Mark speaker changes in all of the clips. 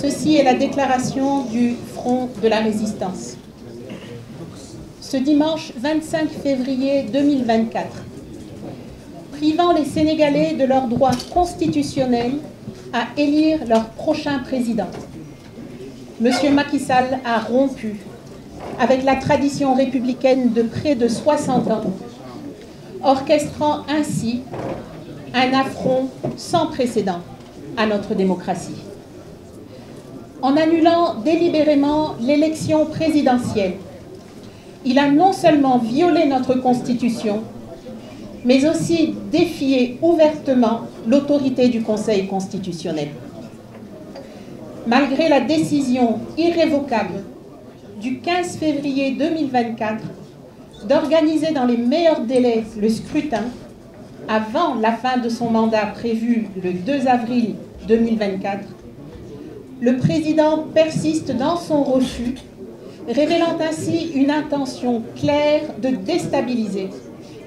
Speaker 1: Ceci est la déclaration du Front de la Résistance. Ce dimanche 25 février 2024, privant les Sénégalais de leur droit constitutionnel à élire leur prochain président, M. Macky Sall a rompu avec la tradition républicaine de près de 60 ans, orchestrant ainsi un affront sans précédent à notre démocratie en annulant délibérément l'élection présidentielle. Il a non seulement violé notre Constitution, mais aussi défié ouvertement l'autorité du Conseil constitutionnel. Malgré la décision irrévocable du 15 février 2024 d'organiser dans les meilleurs délais le scrutin avant la fin de son mandat prévu le 2 avril 2024, le président persiste dans son refus, révélant ainsi une intention claire de déstabiliser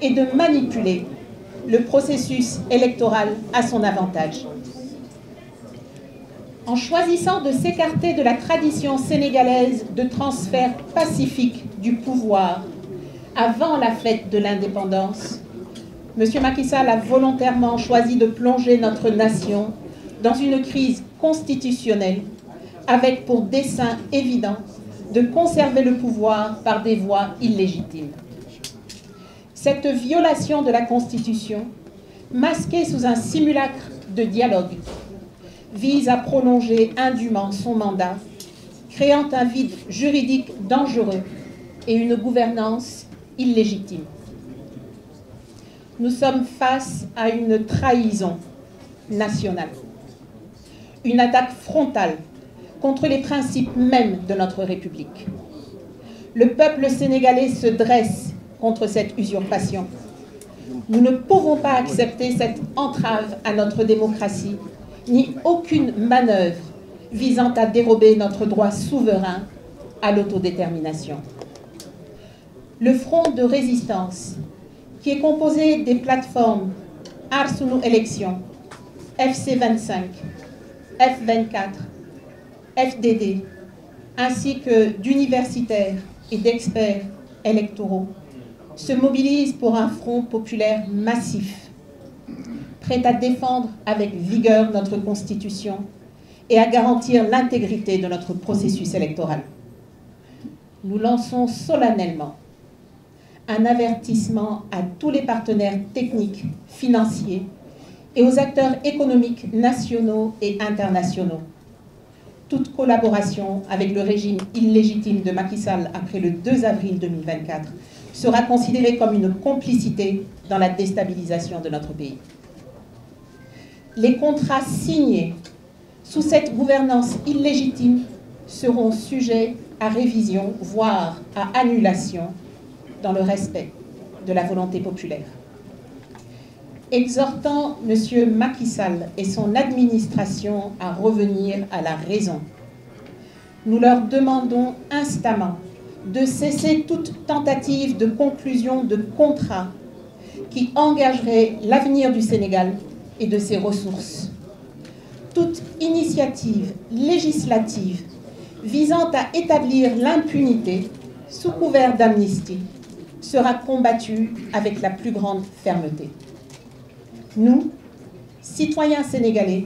Speaker 1: et de manipuler le processus électoral à son avantage. En choisissant de s'écarter de la tradition sénégalaise de transfert pacifique du pouvoir avant la fête de l'indépendance, M. Macky Sall a volontairement choisi de plonger notre nation dans une crise constitutionnelle avec pour dessein évident de conserver le pouvoir par des voies illégitimes. Cette violation de la Constitution, masquée sous un simulacre de dialogue, vise à prolonger indûment son mandat, créant un vide juridique dangereux et une gouvernance illégitime. Nous sommes face à une trahison nationale, une attaque frontale contre les principes mêmes de notre République. Le peuple sénégalais se dresse contre cette usurpation. Nous ne pouvons pas accepter cette entrave à notre démocratie, ni aucune manœuvre visant à dérober notre droit souverain à l'autodétermination. Le front de résistance, qui est composé des plateformes Arsounou Élections, FC25, F24, FDD, ainsi que d'universitaires et d'experts électoraux, se mobilisent pour un front populaire massif, prêt à défendre avec vigueur notre Constitution et à garantir l'intégrité de notre processus électoral. Nous lançons solennellement un avertissement à tous les partenaires techniques, financiers et aux acteurs économiques nationaux et internationaux toute collaboration avec le régime illégitime de Macky Sall après le 2 avril 2024 sera considérée comme une complicité dans la déstabilisation de notre pays. Les contrats signés sous cette gouvernance illégitime seront sujets à révision, voire à annulation, dans le respect de la volonté populaire exhortant M. Macky Sall et son administration à revenir à la raison. Nous leur demandons instamment de cesser toute tentative de conclusion de contrat qui engagerait l'avenir du Sénégal et de ses ressources. Toute initiative législative visant à établir l'impunité sous couvert d'amnistie sera combattue avec la plus grande fermeté nous, citoyens sénégalais,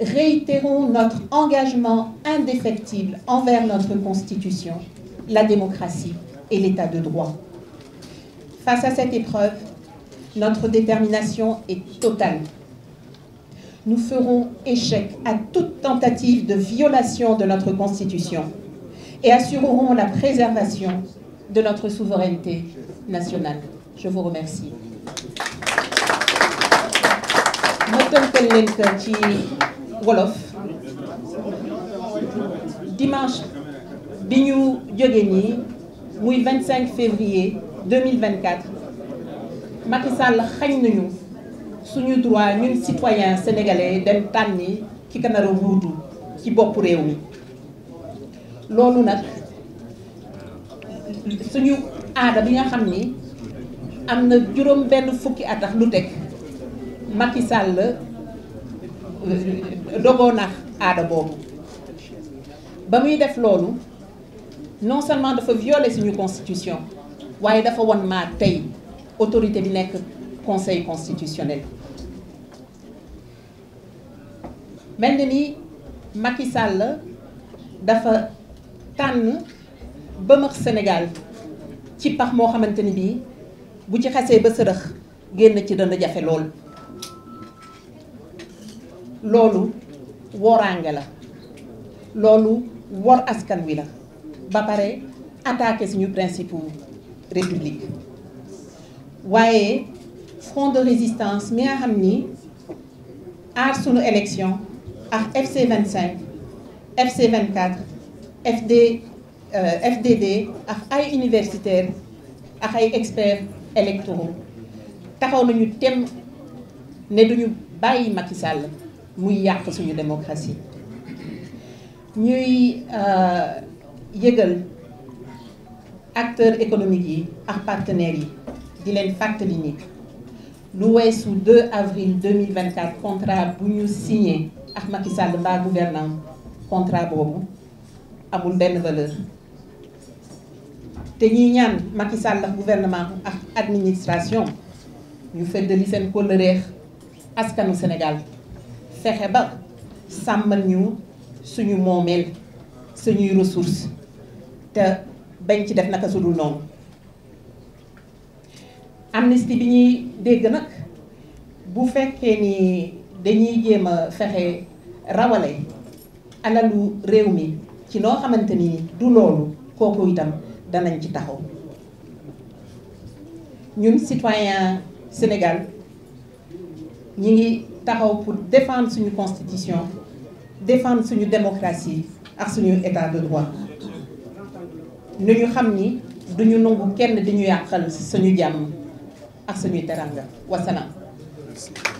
Speaker 1: réitérons notre engagement indéfectible envers notre Constitution, la démocratie et l'État de droit. Face à cette épreuve, notre détermination est totale. Nous ferons échec à toute tentative de violation de notre Constitution et assurerons la préservation de notre souveraineté nationale. Je vous remercie. tënkal leen ko ci wolof dimanche bi ñu jóge nii muy 25 février 2024 Macky Sall xañ nañu suñu droit ñun citoyens sénégalais dem tànni ki kanara wuutu ci bopp réew mi loolu nag suñu aada bi nga xam ni am na juróom benn fukki atax lu teg Macky Sall euh, dogoo nax aada def lolu non seulement dafa violer suñu constitution waye dafa won ma tay autorité bi nek conseil constitutionnel melni ni Macky Sall dafa tànn bëmëx Sénégal ci pax mo xamanteni bi bu ci xasse ba génn ci dana lolu Warangala, la Waraskanwila, wor askan wi la ba paré attaquer suñu principe république wayé front de résistance mi Hamni, art sous sunu élection ak FC 25 FC 24 FD FDD ak ay universitaires ak ay experts électoraux taxaw nañu tém ne duñu bàyyi Macky Sall muy yàq suñu démocratie ñuy euh, yëgal acteurs économiques yi partenaires yi di leen 2 avril 2024 contrat bu ñu signé ak Macky Sall mbaa gouvernement contrat valeur ñaan Macky Sall ak gouvernement ak administration ñu Sénégal fexe ba sàmmal ñu suñu moomeel suñuy ressources te bañ ci def naka su dul noonu amnistie bi ñuy dégg nag bu fekkee nii dañuy jéem a fexe rawale alalu réew mi ci loo xamante ni du loolu kooku itam danañ ci taxaw ñun citoyen Sénégal ñi ngi taxaw pour défendre suñu constitution défendre suñu démocratie ak suñu état de droit Nous xam duñu nangu kenn di suñu ak